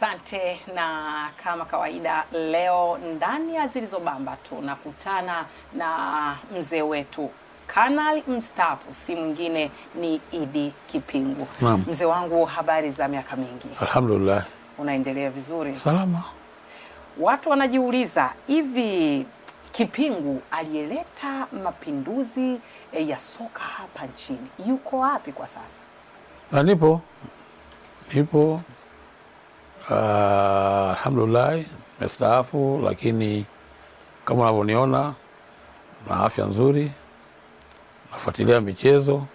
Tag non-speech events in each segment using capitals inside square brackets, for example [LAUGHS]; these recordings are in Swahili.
Asante, na kama kawaida, leo ndani ya Zilizobamba tunakutana na mzee wetu kanali mstaafu, si mwingine ni Idi Kipingu. Mzee wangu, habari za miaka mingi? Alhamdulillah, unaendelea vizuri? Salama. Watu wanajiuliza hivi Kipingu aliyeleta mapinduzi ya soka hapa nchini yuko wapi kwa sasa? Na nipo nipo alhamdulillahi alhamdulillah mestaafu, lakini kama unavyoniona na afya nzuri, nafuatilia michezo,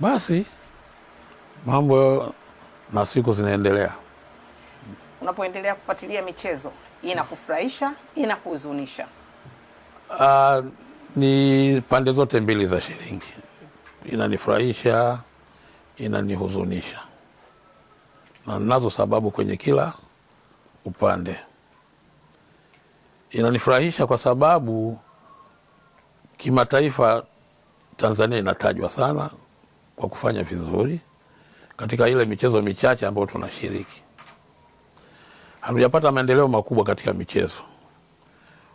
basi mambo na siku zinaendelea. Unapoendelea kufuatilia michezo, inakufurahisha inakuhuzunisha? Uh, ni pande zote mbili za shilingi, inanifurahisha inanihuzunisha na ninazo sababu kwenye kila upande. Inanifurahisha kwa sababu kimataifa Tanzania inatajwa sana kwa kufanya vizuri katika ile michezo michache ambayo tunashiriki. Hatujapata maendeleo makubwa katika michezo,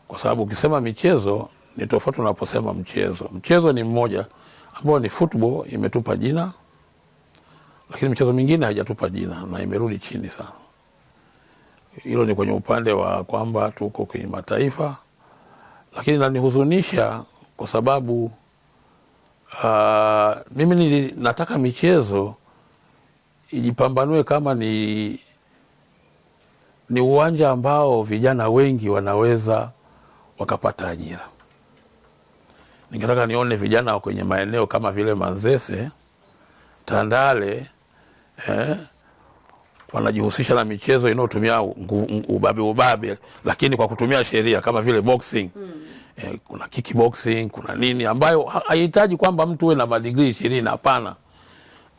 kwa sababu ukisema michezo ni tofauti unaposema mchezo. Mchezo ni mmoja ambao ni football, imetupa jina lakini michezo mingine haijatupa jina na imerudi chini sana. Hilo ni kwenye upande wa kwamba tuko kwenye mataifa, lakini nanihuzunisha kwa sababu uh, mimi nili, nataka michezo ijipambanue kama ni ni uwanja ambao vijana wengi wanaweza wakapata ajira. Ningetaka nione vijana kwenye maeneo kama vile Manzese, Tandale eh, wanajihusisha na michezo inayotumia ubabe ubabe, lakini kwa kutumia sheria kama vile boxing mm. eh, kuna kickboxing, kuna nini ambayo haihitaji kwamba mtu uwe na madigrii ishirini. Hapana,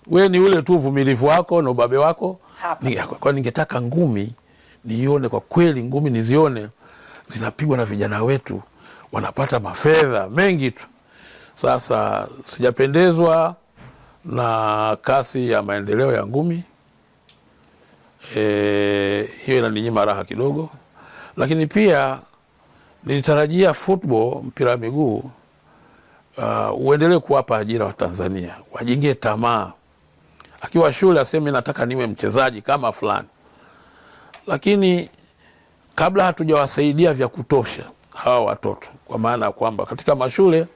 we ni ule tu uvumilivu wako na ubabe wako. Kwa ningetaka ngumi nione kwa kweli, ngumi nizione zinapigwa na vijana wetu, wanapata mafedha mengi tu. Sasa sijapendezwa na kasi ya maendeleo ya ngumi e, hiyo inaninyima raha kidogo, lakini pia nilitarajia football, mpira wa miguu uh, uendelee kuwapa ajira wa Tanzania, wajingie tamaa. Akiwa shule aseme nataka niwe mchezaji kama fulani, lakini kabla hatujawasaidia vya kutosha hawa watoto, kwa maana ya kwamba katika mashule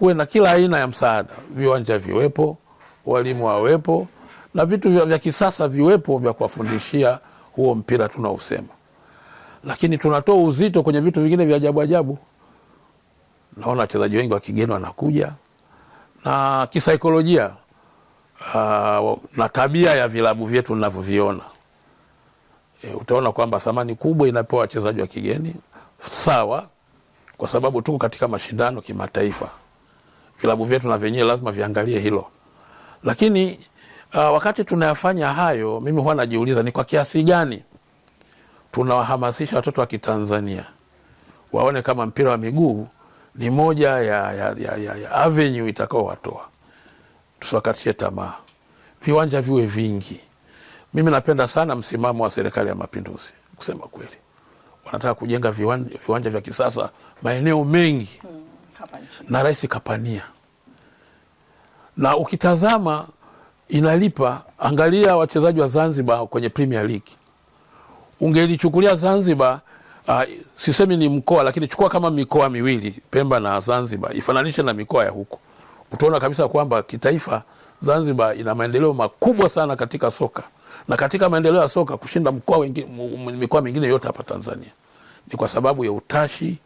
kuwe na kila aina ya msaada, viwanja viwepo, walimu wawepo na vitu vya, vya kisasa viwepo vya kuwafundishia huo mpira tunaosema, lakini tunatoa uzito kwenye vitu vingine vya ajabu ajabu. Naona wachezaji wengi wa kigeni wanakuja na kisaikolojia uh, na tabia ya vilabu vyetu navyoviona e, utaona kwamba thamani kubwa inapewa wachezaji wa kigeni sawa, kwa sababu tuko katika mashindano kimataifa vilabu vyetu na vyenyewe lazima viangalie hilo. Lakini uh, wakati tunayafanya hayo, mimi huwa najiuliza ni kwa kiasi gani tunawahamasisha watoto wa Kitanzania waone kama mpira wa miguu ni moja ya, ya, ya, ya, ya avenue itakaowatoa. Tusiwakatishe tamaa, viwanja viwe vingi. Mimi napenda sana msimamo wa Serikali ya Mapinduzi, kusema kweli, wanataka kujenga viwanja, viwanja vya kisasa maeneo mengi hmm na rais kapania, na ukitazama inalipa. Angalia wachezaji wa Zanzibar kwenye Premier League, ungelichukulia Zanzibar Uh, sisemi ni mkoa lakini chukua kama mikoa miwili Pemba na Zanzibar, ifananishe na mikoa ya huko, utaona kabisa kwamba kitaifa Zanzibar ina maendeleo makubwa sana katika soka na katika maendeleo ya soka kushinda mkoa mikoa mingine yote hapa Tanzania. Ni kwa sababu ya utashi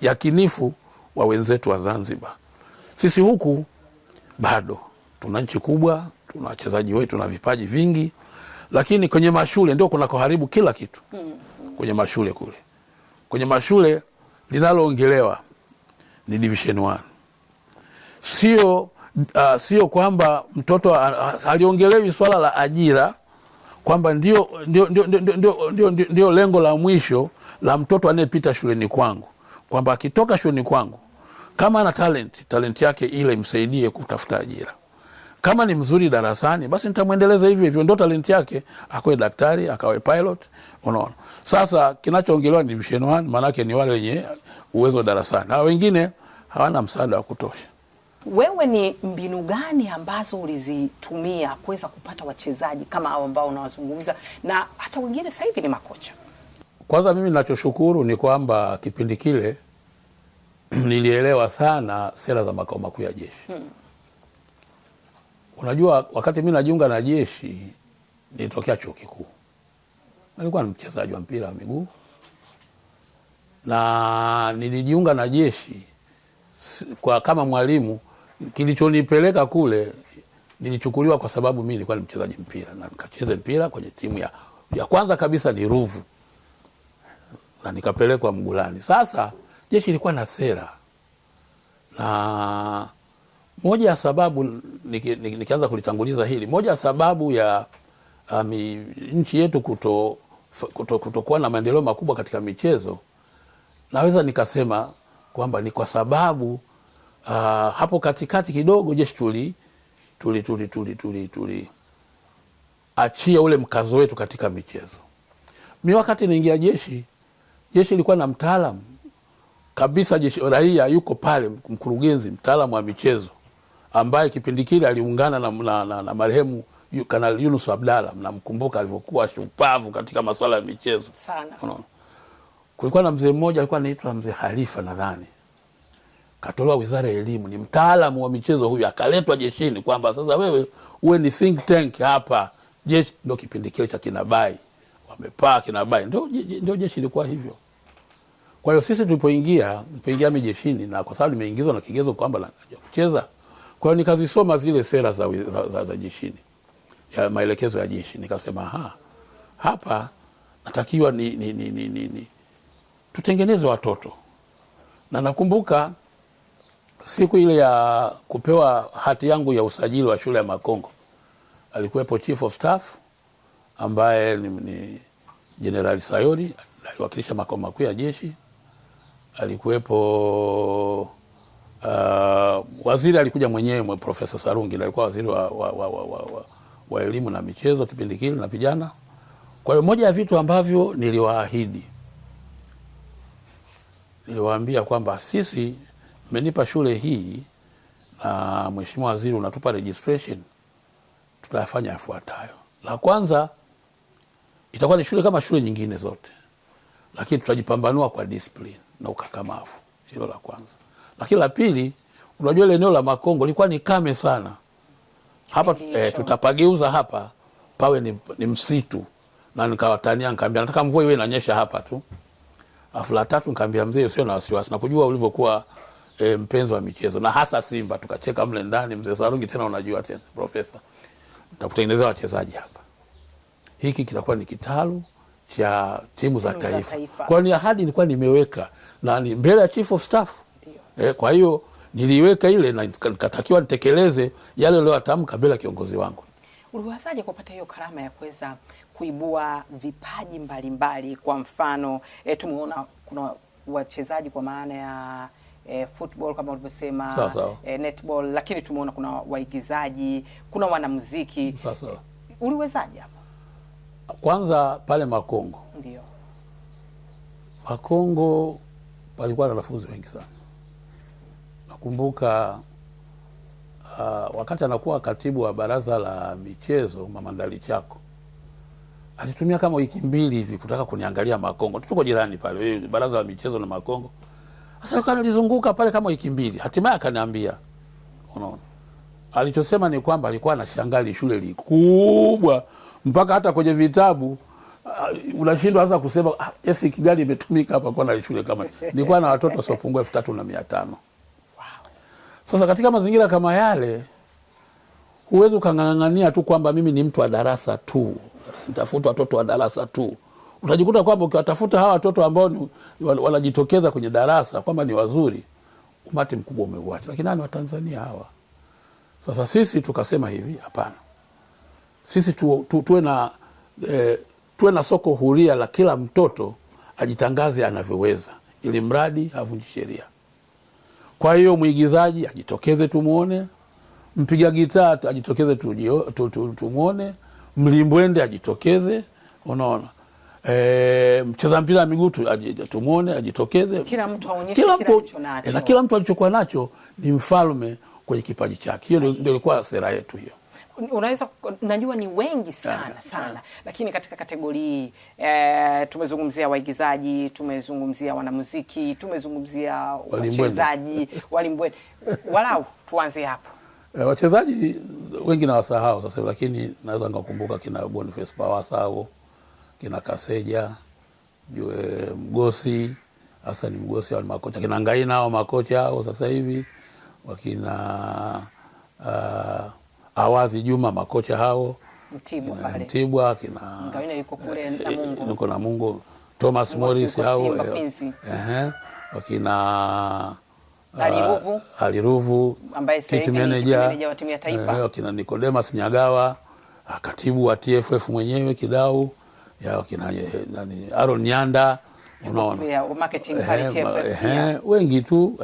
yakinifu wa wenzetu wa Zanzibar. Sisi huku bado tuna nchi kubwa, tuna wachezaji wetu, tuna vipaji vingi, lakini kwenye mashule ndio kuna kuharibu kila kitu. Mm-hmm. Kwenye mashule kule, kwenye mashule linaloongelewa ni division 1 sio Uh, sio kwamba mtoto aliongelewi swala la ajira kwamba ndio, ndio, ndio, ndio, ndio, ndio, ndio lengo la mwisho la mtoto anayepita shuleni kwangu kwamba akitoka shuleni kwangu kama ana talent, talent yake ile imsaidie kutafuta ajira. Kama ni mzuri darasani, basi nitamwendeleza hivyo hivyo, ndo talent yake, akawe daktari, akawe pilot. Unaona, sasa kinachoongelewa ni division 1, maanake ni wale wenye uwezo darasani, na wengine hawana msaada wa kutosha. Wewe ni mbinu gani ambazo ulizitumia kuweza kupata wachezaji kama hao ambao unawazungumza, na hata wengine sasa hivi ni makocha? Kwanza mimi ninachoshukuru ni kwamba kipindi kile [CLEARS THROAT] nilielewa sana sera za makao makuu ya jeshi hmm. Unajua, wakati mi najiunga na jeshi nilitokea chuo kikuu, nilikuwa ni mchezaji wa mpira wa miguu na nilijiunga na jeshi kwa kama mwalimu. Kilichonipeleka kule, nilichukuliwa kwa sababu mi nilikuwa ni mchezaji mpira na nikacheze mpira kwenye timu ya, ya kwanza kabisa ni Ruvu na nikapelekwa Mgulani. Sasa jeshi ilikuwa na sera, na moja ya sababu niki, niki, nikianza kulitanguliza hili, moja ya sababu ya um, nchi yetu kuto kutokuwa kuto na maendeleo makubwa katika michezo, naweza nikasema kwamba ni kwa sababu uh, hapo katikati kidogo jeshi tuli tuli tuli tuli tuli tuli achia ule mkazo wetu katika michezo. Mi wakati naingia jeshi jeshi ilikuwa na mtaalamu kabisa, jeshi raia yuko pale, mkurugenzi mtaalamu wa michezo ambaye kipindi kile aliungana na, na, na, na marehemu yu, Kanali Yunus abdala mnamkumbuka alivyokuwa shupavu katika maswala ya michezo sana. Kulikuwa na mzee mmoja alikuwa anaitwa mzee Halifa nadhani, katolewa wizara ya elimu, ni mtaalamu wa michezo huyu, akaletwa jeshini kwamba sasa wewe uwe ni think tank hapa jeshi. ndo kipindi kile cha kinabai wamepaa kinabai ndio ndio jeshi ilikuwa hivyo. Kwa hiyo sisi tulipoingia tulipoingia mimi jeshini, na kwa sababu nimeingizwa na kigezo kwamba naja kucheza, kwa hiyo nikazisoma zile sera za, za, za, za jeshini ya maelekezo ya jeshi, nikasema ha, hapa natakiwa ni, ni, ni, ni, ni, ni. tutengeneze watoto, na nakumbuka siku ile ya kupewa hati yangu ya usajili wa shule ya Makongo alikuwepo chief of staff ambaye ni Jenerali Sayori aliwakilisha makao makuu ya jeshi, alikuwepo uh, waziri alikuja mwenyewe Profesa Sarungi alikuwa waziri wa, wa, wa, wa, wa, wa elimu na michezo kipindi kile na vijana. Kwa hiyo moja ya vitu ambavyo niliwaahidi, niliwaambia kwamba sisi mmenipa shule hii na mheshimiwa waziri unatupa registration, tutafanya yafuatayo. La kwanza itakuwa ni shule kama shule nyingine zote, lakini tutajipambanua kwa discipline na ukakamavu. Hilo la kwanza, lakini la pili, unajua ile eneo la Makongo lilikuwa ni kame sana hapa eh, tutapageuza hapa pawe ni, ni msitu na nikawatania nikaambia nataka mvua iwe inanyesha hapa tu. Afu la tatu nikaambia mzee, usio na wasiwasi, nakujua ulivyokuwa e, mpenzi wa michezo na hasa Simba. Tukacheka mle ndani, mzee Sarungi, tena unajua tena profesa, nitakutengenezea wachezaji hapa hiki kitakuwa ni kitalu cha timu za taifa, Kwa ni ahadi nilikuwa nimeweka na ni mbele ya chief of staff eh, kwa hiyo niliweka ile na nikatakiwa nitekeleze yale leo atamka mbele ya kiongozi wangu. Uliwazaje kupata hiyo karama ya kuweza kuibua vipaji mbalimbali mbali? Kwa mfano eh, tumeona kuna wachezaji kwa maana ya E, football kama ulivyosema e, netball, lakini tumeona kuna waigizaji, kuna wanamuziki. Uliwezaje hapo? Kwanza pale Makongo, ndio Makongo palikuwa na wanafunzi wengi sana. Nakumbuka uh, wakati anakuwa katibu wa baraza la michezo Mama Ndalichako alitumia kama wiki mbili hivi kutaka kuniangalia Makongo, tuko jirani pale, eh, baraza la michezo na Makongo. Sasa kanilizunguka pale kama wiki mbili, hatimaye akaniambia, unaona alichosema ni kwamba alikuwa anashangali shule likubwa mpaka hata kwenye vitabu uh, unashindwa sasa kusema ah, esi kigali imetumika hapa. Kuwa na shule kama nilikuwa na watoto wasiopungua elfu tatu na mia tano wow. Sasa katika mazingira kama yale huwezi ukang'ang'ania tu kwamba mimi ni mtu wa darasa tu, nitafuta watoto wa darasa tu. Utajikuta kwamba ukiwatafuta hawa watoto ambao wanajitokeza kwenye darasa kwamba ni wazuri, umati mkubwa umeuacha, lakini ni Watanzania hawa. Sasa sisi tukasema hivi, hapana sisi tu, tu, tuwe na e, tuwe na soko huria la kila mtoto ajitangaze anavyoweza, ili mradi havunji sheria. Kwa hiyo mwigizaji ajitokeze tumwone, mpiga gitaa ajitokeze tumwone, mlimbwende ajitokeze, unaona e, mcheza mpira wa miguu tumwone ajitokeze, kila mtu aonyeshe eh, kila mtu alichokuwa nacho, ni mfalme kwenye kipaji chake. Hiyo ndio ilikuwa sera yetu hiyo unaweza najua ni wengi sana sana, lakini katika kategori hii eh, e, tumezungumzia waigizaji, tumezungumzia wanamuziki, tumezungumzia wachezaji, walimbwende, [LAUGHS] walau tuanze hapo. E, wachezaji wengi wasahau sasa lakini naweza nikakumbuka kina Boniface Pawasa au kina Kaseja jue Mgosi, hasa ni Mgosi au makocha kina Ngaina au makocha au sasa hivi wakina uh, Awadhi Juma, makocha hao Mtibwa kina niko na Mungu, Thomas Morris hao eh, wakina Aliruvu, eh, Aliruvu ambaye wa timu ya taifa, eh, wakina nikodemas Nyagawa, ah, katibu wa TFF mwenyewe kidau ya wakina eh, nani Aaron Nyanda marketing pale TFF, wengi tu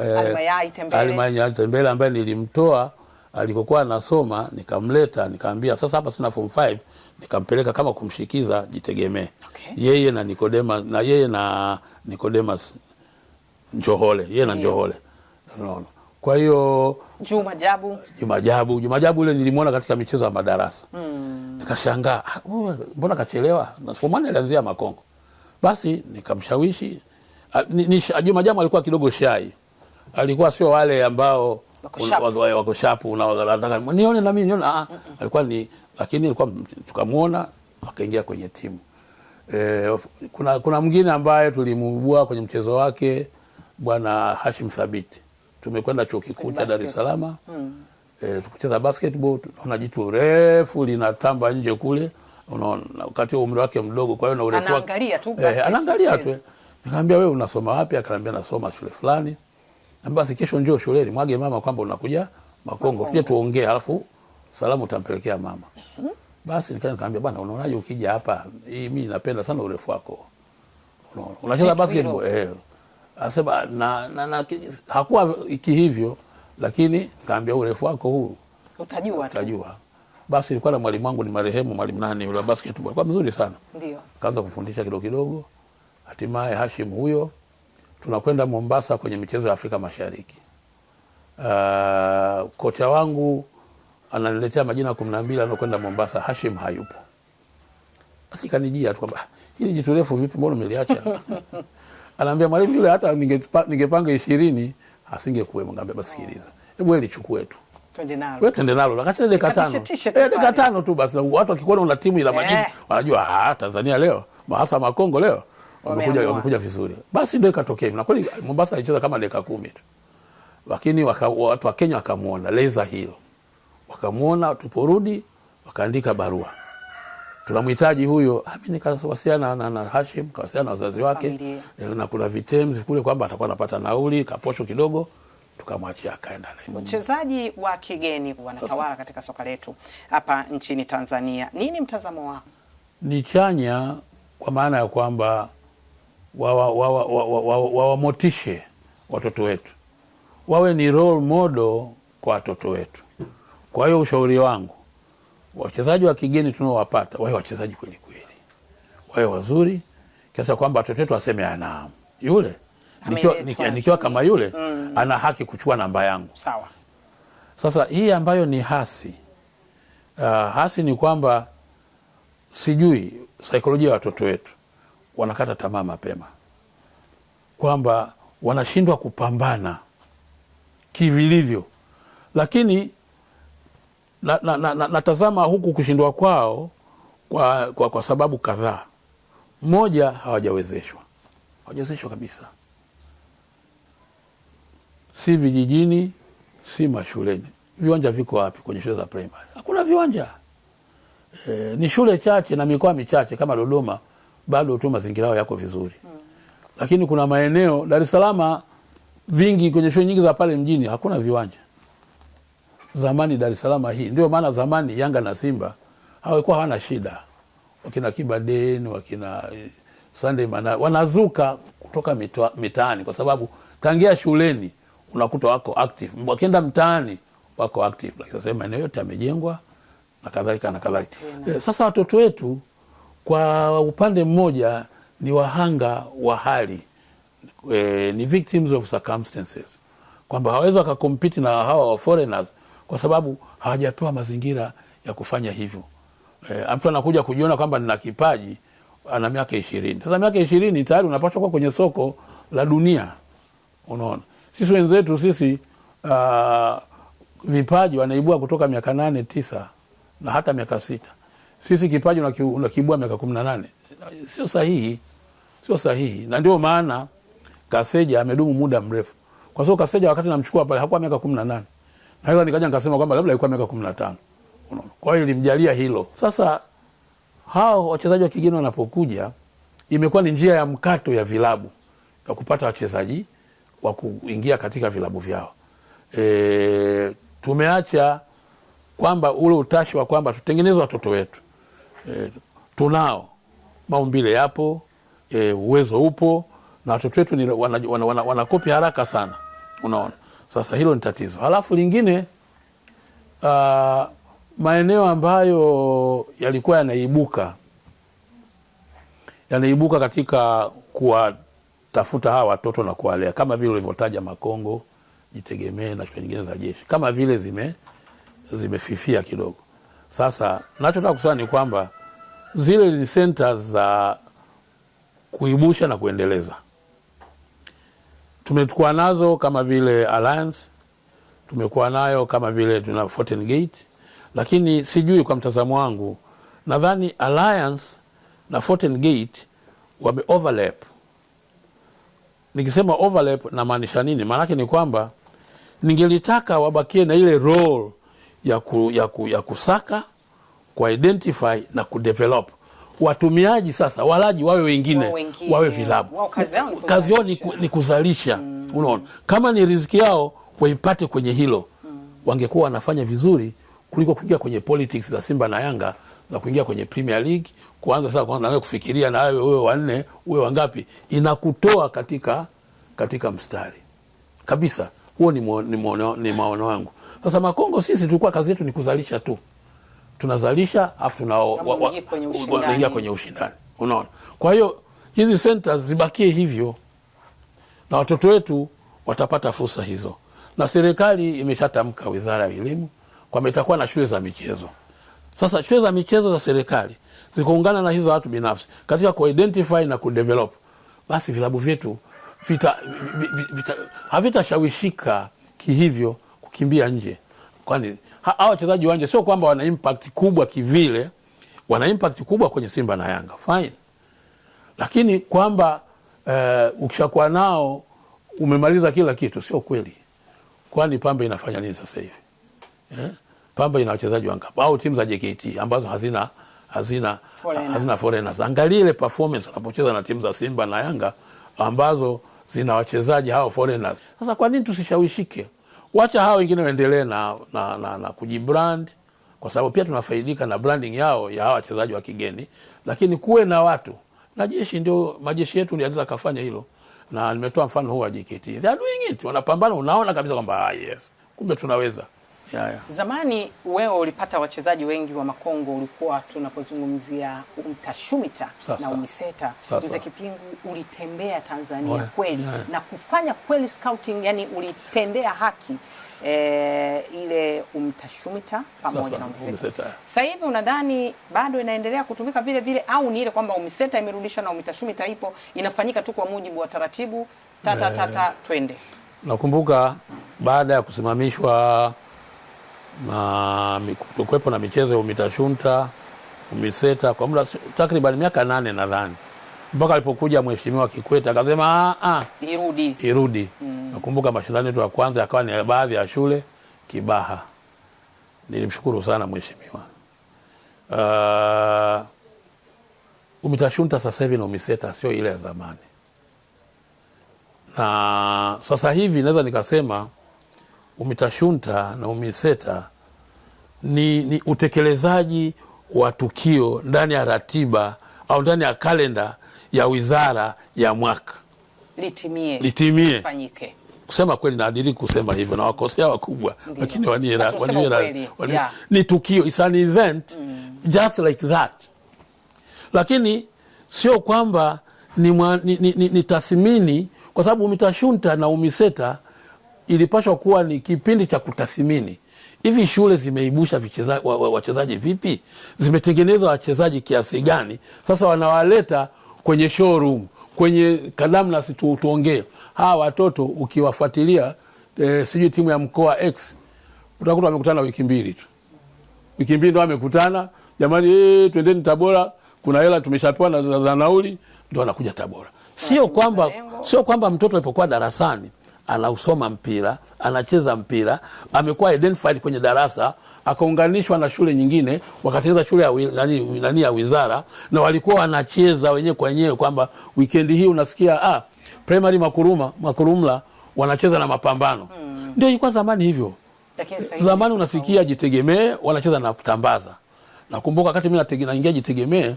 Alimaya Itembele ambaye nilimtoa alikokuwa anasoma nikamleta, nikaambia sasa hapa sina form 5, nikampeleka kama kumshikiza jitegemee. Okay. Yeye na Nikodema na yeye na Nikodemas Njohole, yeye na Njohole. Unaona? Kwa hiyo Juma Jabu, Juma Jabu, Juma Jabu yule nilimwona katika michezo ya madarasa. Mm. Nikashangaa, ah, mbona kachelewa? Na form 1 alianzia Makongo. Basi nikamshawishi Juma Jabu alikuwa kidogo shai. Alikuwa sio wale ambao wako shapu nione na mimi nione. Ah, alikuwa ni lakini alikuwa tukamwona akaingia kwenye timu. E, kuna kuna mwingine ambaye tulimuibua kwenye mchezo wake bwana Hashim Thabiti. Tumekwenda chuo kikuu cha Dar es Salaam. Mm. E, tukucheza basketball, tunaona jitu refu linatamba nje kule. Unaona wakati wa umri wake mdogo, kwa hiyo na urefu wake anaangalia tu, eh, anaangalia tu. Nikamwambia wewe unasoma wapi? Akaniambia nasoma shule fulani basi kesho njoo shuleni, mwage mama kwamba unakuja Makongo, tuje tuongee, alafu salamu utampelekea mama. Hmm? Basi nikaanza kumwambia, bwana, unaonaje ukija hapa? mimi napenda sana urefu wako, unaona unacheza basketball eh, eh. Anasema na, na, na hakuwa iki hivyo, lakini nikaambia urefu wako huu utajua, utajua. Basi nilikuwa na mwalimu wangu ni marehemu mwalimu nani yule basketball, kwa mzuri sana ndio, kaanza kufundisha kidogo kidogo, hatimaye Hashim huyo tunakwenda Mombasa kwenye michezo ya Afrika Mashariki. Uh, kocha wangu ananiletea majina kumi na mbili anaokwenda Mombasa, Hashim hayupo. Basi kanijia tu kwamba ah, hili jitu refu vipi, mbona umeliacha? [LAUGHS] Anaambia mwalimu, yule hata ningepanga ishirini asingekuwemo. Ngambia basi sikiliza, hebu wewe lichukue tu wewe tende nalo wakati dakika tano eh, dakika tano tu basi, watu wakikuona una timu ila majini eh. wanajua, ah, Tanzania leo mahasa makongo leo wamekuja wamekuja vizuri, basi ndio ikatokea. Na kweli Mombasa alicheza kama dakika kumi tu, lakini watu wa Kenya wakamuona leza hilo, Wakamuona tuporudi, wakaandika barua tunamhitaji huyo. Ah, mimi nikawasiliana na, na Hashim, kawasiliana na wazazi wake familia. na kuna vitems kule kwamba atakuwa anapata nauli kaposho kidogo, tukamwachia akaenda naye. Wachezaji wa kigeni wanatawala katika soka letu hapa nchini Tanzania, nini mtazamo wako? Ni chanya kwa maana ya kwamba wawamotishe wa, wa, wa watoto wetu wawe ni role model kwa watoto wetu. Kwa hiyo ushauri wangu, wachezaji wa kigeni tunaowapata wawe wachezaji kweli kweli, wawe wazuri kiasi kwamba watoto wetu waseme anaam, yule nikiwa, nikiwa, nikiwa kama yule mm, ana haki kuchukua namba yangu. Sawa. Sasa hii ambayo ni hasi uh, hasi ni kwamba sijui saikolojia ya watoto wetu wanakata tamaa mapema, kwamba wanashindwa kupambana kivilivyo. Lakini natazama na, na, na, huku kushindwa kwao kwa, kwa, kwa sababu kadhaa. Moja, hawajawezeshwa, hawajawezeshwa kabisa, si vijijini, si mashuleni. Viwanja viko wapi kwenye shule za primary? Hakuna viwanja. E, ni shule chache na mikoa michache kama Dodoma bado tu mazingira yao yako vizuri mm. Lakini kuna maeneo Dar es Salaam vingi, kwenye shule nyingi za pale mjini hakuna viwanja. Zamani Dar es Salaam hii, ndio maana zamani Yanga na Simba hawakuwa hawana shida, wakina Kibaden wakina eh, Sunday Mana wanazuka kutoka mitaani, kwa sababu tangia shuleni unakuta wako active, wakienda mtaani wako active. Lakini sasa maeneo yote yamejengwa na kadhalika na kadhalika. Eh, sasa watoto wetu kwa upande mmoja ni wahanga wa hali e, ni victims of circumstances, kwamba hawawezi wakakompiti na hawa wa foreigners kwa sababu hawajapewa mazingira ya kufanya hivyo. E, mtu anakuja kujiona kwamba nina kipaji, ana miaka ishirini. Sasa miaka ishirini tayari unapaswa kuwa kwenye soko la dunia. Unaona, sisi wenzetu sisi uh, vipaji wanaibua kutoka miaka nane tisa na hata miaka sita. Sisi kipaji unakibua miaka kumi na nane, sio sahihi, sio sahihi. Na ndio maana Kaseja amedumu muda mrefu, kwa sababu Kaseja wakati namchukua pale hakuwa miaka kumi na nane, naweza nikaja nikasema kwamba labda ilikuwa miaka kumi na tano. Kwa hiyo ilimjalia hilo. Sasa hao wachezaji wa kigeni wanapokuja, imekuwa ni njia ya mkato ya vilabu ya kupata wachezaji wa kuingia katika vilabu vyao. E, tumeacha kwamba ule utashi wa kwamba tutengeneze watoto wetu e, tunao maumbile yapo e, uwezo upo na watoto wetu wanakopi wana, wana, wana haraka sana, unaona. Sasa hilo ni tatizo. Halafu lingine uh, maeneo ambayo yalikuwa yanaibuka yanaibuka katika kuwatafuta hawa watoto na kuwalea, kama vile ulivyotaja Makongo, Jitegemee na shule nyingine za jeshi, kama vile zime zimefifia kidogo. Sasa nachotaka kusema ni kwamba zile ni senta za kuibusha na kuendeleza. Tumekuwa nazo kama vile Alliance, tumekuwa nayo kama vile tuna Fountain Gate, lakini sijui, kwa mtazamo wangu nadhani Alliance na Fountain Gate wame overlap. Nikisema overlap namaanisha nini? Maanake ni kwamba ningelitaka wabakie na ile role ya, ku, ya, ku, ya kusaka kuidentify na kudevelop watumiaji sasa, walaji wawe wengine, wawe, wawe vilabu wow, kazi yao ni, ku, ni kuzalisha mm. Unaona, kama ni riziki yao waipate kwenye hilo mm. Wangekuwa wanafanya vizuri kuliko kuingia kwenye politics za Simba na Yanga za kuingia kwenye Premier League kuanza sasa kuanza kufikiria na wewe wewe wanne wewe wangapi, inakutoa katika katika mstari kabisa. Huo ni maono wangu. Sasa Makongo sisi tulikuwa kazi yetu ni kuzalisha tu, tunazalisha afu tunaingia kwenye ushindani, Unaona, kwa hiyo hizi senta zibakie hivyo na watoto wetu watapata fursa hizo, na serikali imeshatamka, wizara ya elimu kwamba itakuwa na shule za michezo. Sasa shule za michezo za serikali zikuungana na hizo watu binafsi katika kuidentify na kudevelop, basi vilabu vyetu havitashawishika kihivyo kukimbia nje, kwani hawa wachezaji wa nje sio kwamba wana impact kubwa kivile, wana impact kubwa kwenye Simba na Yanga fine, lakini kwamba uh, ukishakuwa nao umemaliza kila kitu, sio kweli. Kwani Pamba inafanya nini sasa hivi eh? Pamba ina wachezaji wangapi? Au timu za JKT ambazo hazina hazina foreigners. hazina foreigners. Angalia ile performance anapocheza na timu za Simba na Yanga ambazo zina wachezaji hao foreigners. Sasa kwa nini tusishawishike? wacha hawa wengine waendelee na, na, na, na kujibrand kwa sababu pia tunafaidika na branding yao ya hawa wachezaji wa kigeni, lakini kuwe na watu na jeshi, ndio majeshi yetu yanaweza kafanya hilo, na nimetoa mfano huu wa JKT, they are doing it, wanapambana, unaona kabisa kwamba ah, yes, kumbe tunaweza yeah, yeah. Zamani wewe ulipata wachezaji wengi wa Makongo, ulikuwa tunapozungumzia umtashumita na umiseta mzee Kipingu, ulitembea Tanzania Oye. kweli yeah. na kufanya kweli scouting, yani ulitendea haki E, ile umtashumita pamoja na Umiseta. Sasa hivi unadhani bado inaendelea kutumika vile vile au ni ile kwamba Umiseta imerudishwa na umtashumita ipo inafanyika tu kwa mujibu wa taratibu tata tata, eh. twende. Nakumbuka baada ya kusimamishwa na kutokuwepo na michezo ya UMITASHUNTA UMISETA kwa muda takriban miaka nane nadhani mpaka alipokuja Mheshimiwa Kikwete akasema ah, ah, irudi, irudi. Mm. Nakumbuka mashindano yetu ya kwanza yakawa ni baadhi ya shule Kibaha. Nilimshukuru sana mheshimiwa. Uh, UMITASHUNTA sasa hivi na UMISETA sio ile ya zamani, na sasa hivi naweza nikasema umitashunta na umiseta ni, ni utekelezaji wa tukio ndani ya ratiba au ndani ya kalenda ya wizara ya mwaka litimie, litimie. Fanyike. Kusema kweli naadili kusema hivyo na wakosea wakubwa, lakini yeah. Ni tukio it's an event mm. just like that, lakini sio kwamba ni, ni, ni, ni, ni tathmini kwa sababu umitashunta na umiseta ilipashwa kuwa ni kipindi cha kutathimini hivi shule zimeibusha wachezaji vipi, zimetengeneza wachezaji kiasi gani? Sasa wanawaleta kwenye showroom, kwenye kadamnasi tu, tuongee hawa watoto ukiwafuatilia e, sijui timu ya mkoa X utakuta wamekutana wiki mbili tu, wiki mbili ndo wamekutana, jamani, e, twendeni Tabora, kuna hela tumeshapewa na nauli, ndo wanakuja Tabora. Sio kwamba sio kwamba mtoto alipokuwa darasani anausoma mpira, anacheza mpira, amekuwa identified kwenye darasa, akaunganishwa na shule nyingine, wakatengeneza shule ya nani, nani ya wizara, na walikuwa wanacheza wenyewe kwa wenyewe, kwamba wikendi hii unasikia ah, primary Makuruma Makurumla wanacheza na Mapambano. hmm. Ndio ilikuwa zamani hivyo. Takisa, Zamani unasikia Jitegemee wanacheza na Tambaza. Nakumbuka wakati mimi naingia Jitegemee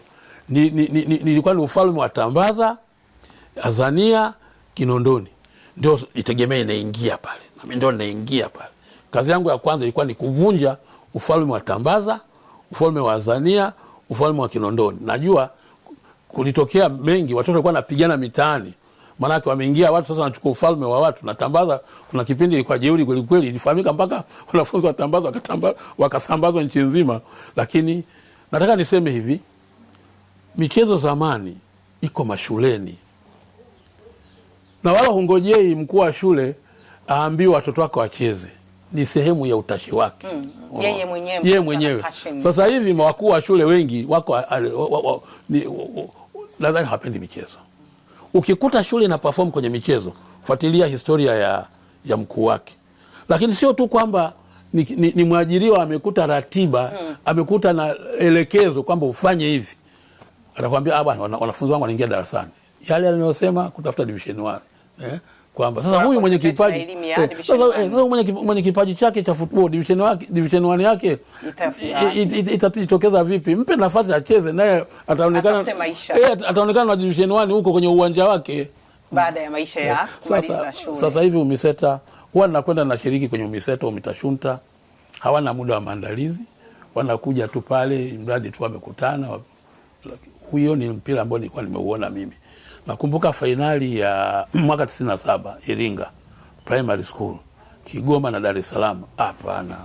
nilikuwa ni, ni, ni, ni, ni ufalme wa Tambaza, Azania, Kinondoni ndio itegemea inaingia pale, nami ndio ninaingia pale. Kazi yangu ya kwanza ilikuwa ni kuvunja ufalme wa Tambaza, ufalme wa Azania, ufalme wa Kinondoni. Najua kulitokea mengi, watoto walikuwa napigana mitaani, maanake wameingia watu sasa wanachukua ufalme wa watu. Na Tambaza kuna kipindi ilikuwa jeuri kwelikweli, ilifahamika mpaka wanafunzi wa Tambaza wakasambazwa nchi nzima. Lakini nataka niseme hivi, michezo zamani iko mashuleni na wala hungojei mkuu wa shule aambiwe watoto wake wacheze, ni sehemu ya utashi wake mm. Oh. Yeye mwenyewe, yeye mwenyewe. Sasa hivi wakuu wa shule wengi wako nadhani hawapendi michezo. Ukikuta shule ina perform kwenye michezo, fuatilia historia ya, ya mkuu wake, lakini sio tu kwamba ni, ni, ni mwajiriwa amekuta ratiba hmm. amekuta na elekezo kwamba ufanye hivi, atakwambia ah, bwana, wanafunzi wangu wanaingia darasani yale aliyosema kutafuta division 1 eh, kwamba sasa huyu mwenye kipaji eh, eh, sasa, eh, sasa mwenye, mwenye kipaji chake cha football division yake division one yake itajitokeza vipi? Mpe nafasi acheze naye, ataonekana eh, ataonekana na division one huko kwenye uwanja wake baada ya maisha ya eh, sasa, Sasa hivi UMISETA huwa nakwenda nashiriki kwenye UMISETA UMITASHUNTA, hawana muda wa maandalizi, wanakuja tu pale mradi tu wamekutana. Huyo ni mpira ambao nilikuwa nimeuona mimi Nakumbuka fainali ya [CLEARS THROAT] mwaka 97 Iringa primary school, Kigoma na Dar es Salaam. Hapana,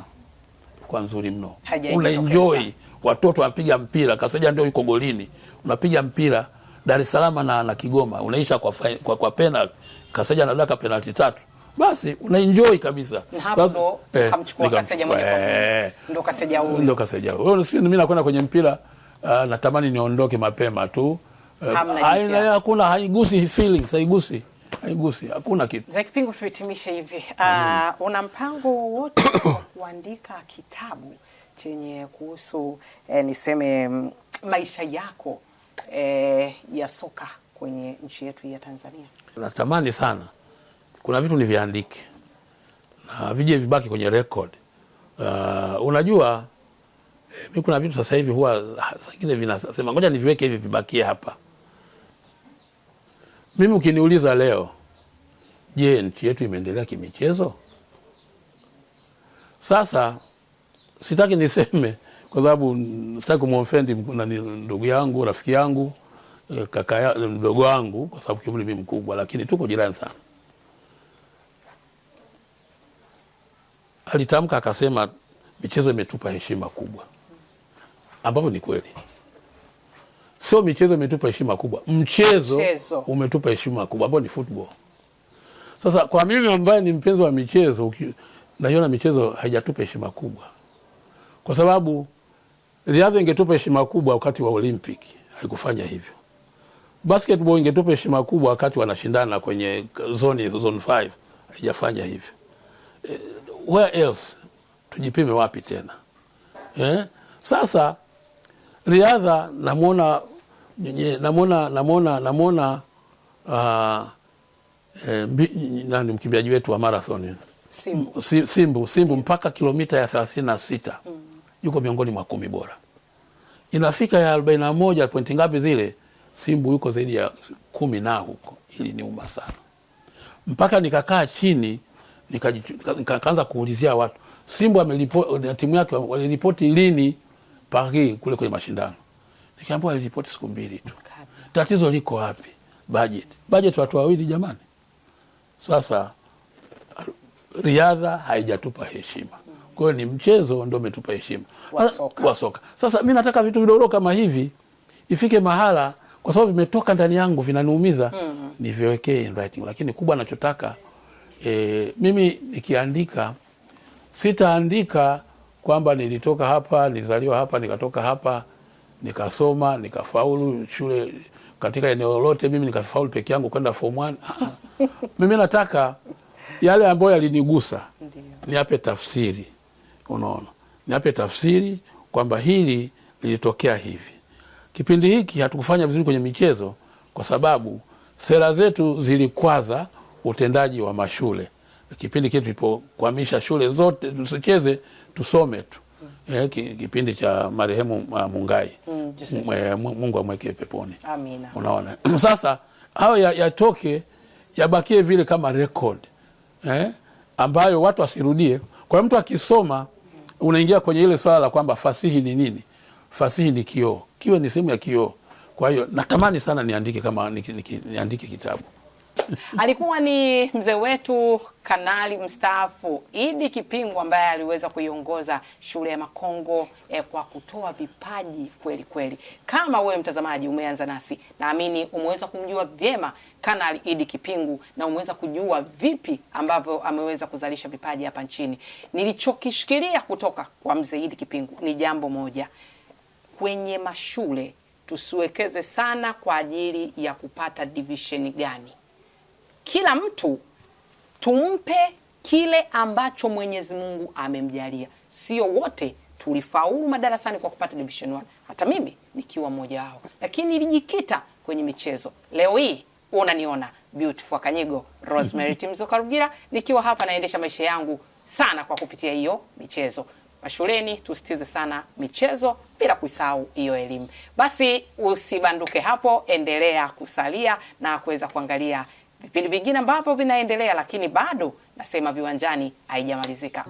kwa nzuri mno, una Watoto wanapiga mpira, Kaseja ndio yuko golini, unapiga mpira Dar es Salaam na, na Kigoma unaisha kwa, kwa, kwa penalty. Kaseja anadaka penalti tatu basi unaenjoy kabisa. Mimi nakwenda kwenye mpira uh, natamani niondoke mapema tu Eh, aina ya hakuna, haigusi feelings, haigusi haigusi, hakuna kitu. Zaki Pingu, tuhitimishe hivi, ah, una mpango wowote wa [COUGHS] kuandika kitabu chenye kuhusu eh, niseme mm, maisha yako eh, ya soka kwenye nchi yetu ya Tanzania? Natamani sana, kuna vitu niviandike na vije vibaki kwenye record. Uh, unajua eh, mi kuna vitu sasa hivi huwa ah, zingine vinasema ngoja niviweke hivi vibakie hapa mimi ukiniuliza leo, je, nchi yetu imeendelea kimichezo? Sasa sitaki niseme kwa sababu sitaki kumofendi ndugu yangu, rafiki yangu, eh, kaka mdogo wangu, kwa sababu kimli mimi mkubwa, lakini tuko jirani sana. Alitamka akasema michezo imetupa heshima kubwa, ambavyo ni kweli sio michezo imetupa heshima kubwa, mchezo, mchezo umetupa heshima kubwa ambao ni football. Sasa kwa mimi ambaye ni mpenzi wa michezo, naiona michezo haijatupa heshima kubwa, kwa sababu riadha ingetupa heshima kubwa wakati wa Olympic, haikufanya hivyo. Basketball ingetupa heshima kubwa wakati wanashindana kwenye zone zone 5, haijafanya hivyo. Eh, where else? Tujipime wapi tena eh? Sasa riadha namwona namwona namwona namwona uh, eh, nani mkimbiaji wetu wa marathon Simbu. Simbu, Simbu mpaka kilomita ya thelathini na sita mm. yuko miongoni mwa kumi bora. Inafika ya arobaini na moja pointi ngapi zile, Simbu yuko zaidi ya kumi na huko, ili niuma sana mpaka nikakaa chini nikaanza kuulizia watu Simbu amelipo, timu yake waliripoti lini Paris kule kwenye mashindano Nikaambiwa aliripoti siku mbili tu. Tatizo liko wapi? Budget, budget watu wawili jamani. Sasa riadha haijatupa heshima, kwa hiyo ni mchezo ndio umetupa heshima wa soka. Sasa mi nataka vitu vidogo kama hivi ifike mahala, kwa sababu vimetoka ndani yangu vinaniumiza, mm -hmm. niviwekee in writing, lakini kubwa anachotaka e, mimi nikiandika sitaandika kwamba nilitoka hapa, nilizaliwa hapa, nikatoka hapa nikasoma nikafaulu shule katika eneo lote, mimi nikafaulu peke yangu kwenda form 1. [LAUGHS] Mimi nataka yale ambayo yalinigusa niape tafsiri, unaona, niape tafsiri kwamba hili lilitokea hivi. Kipindi hiki hatukufanya vizuri kwenye michezo kwa sababu sera zetu zilikwaza utendaji wa mashule. Kipindi kile tulipokwamisha shule zote tusicheze, tusome tu eh, kipindi cha marehemu uh, Mungai mm, Mungu amweke peponi. Amina. Unaona [CLEARS THROAT] sasa hayo yatoke yabakie vile kama record eh, ambayo watu wasirudie. Kwa mtu akisoma, unaingia kwenye ile swala la kwamba fasihi ni nini? Fasihi ni kioo, kiwe ni sehemu ya kioo. Kwa hiyo natamani sana niandike kama niandike kitabu. [LAUGHS] Alikuwa ni mzee wetu kanali mstaafu Idi Kipingu ambaye aliweza kuiongoza shule ya Makongo eh, kwa kutoa vipaji kweli kweli. Kama wewe mtazamaji umeanza nasi, naamini umeweza kumjua vyema kanali Idi Kipingu na umeweza kujua vipi ambavyo ameweza kuzalisha vipaji hapa nchini. Nilichokishikilia kutoka kwa mzee Idi Kipingu ni jambo moja, kwenye mashule tusiwekeze sana kwa ajili ya kupata divisheni gani kila mtu tumpe kile ambacho Mwenyezi Mungu amemjalia. Sio wote tulifaulu madarasani kwa kupata division 1, hata mimi nikiwa mmoja wao, lakini nilijikita kwenye michezo. Leo hii unaniona beautiful Akanyigo, Rosemary [LAUGHS] Timzo Karugira, nikiwa hapa naendesha maisha yangu sana kwa kupitia hiyo michezo. Mashuleni tusitize sana michezo bila kuisahau hiyo elimu. Basi usibanduke hapo, endelea kusalia na kuweza kuangalia vipindi vingine ambavyo vinaendelea, lakini bado nasema Viwanjani haijamalizika.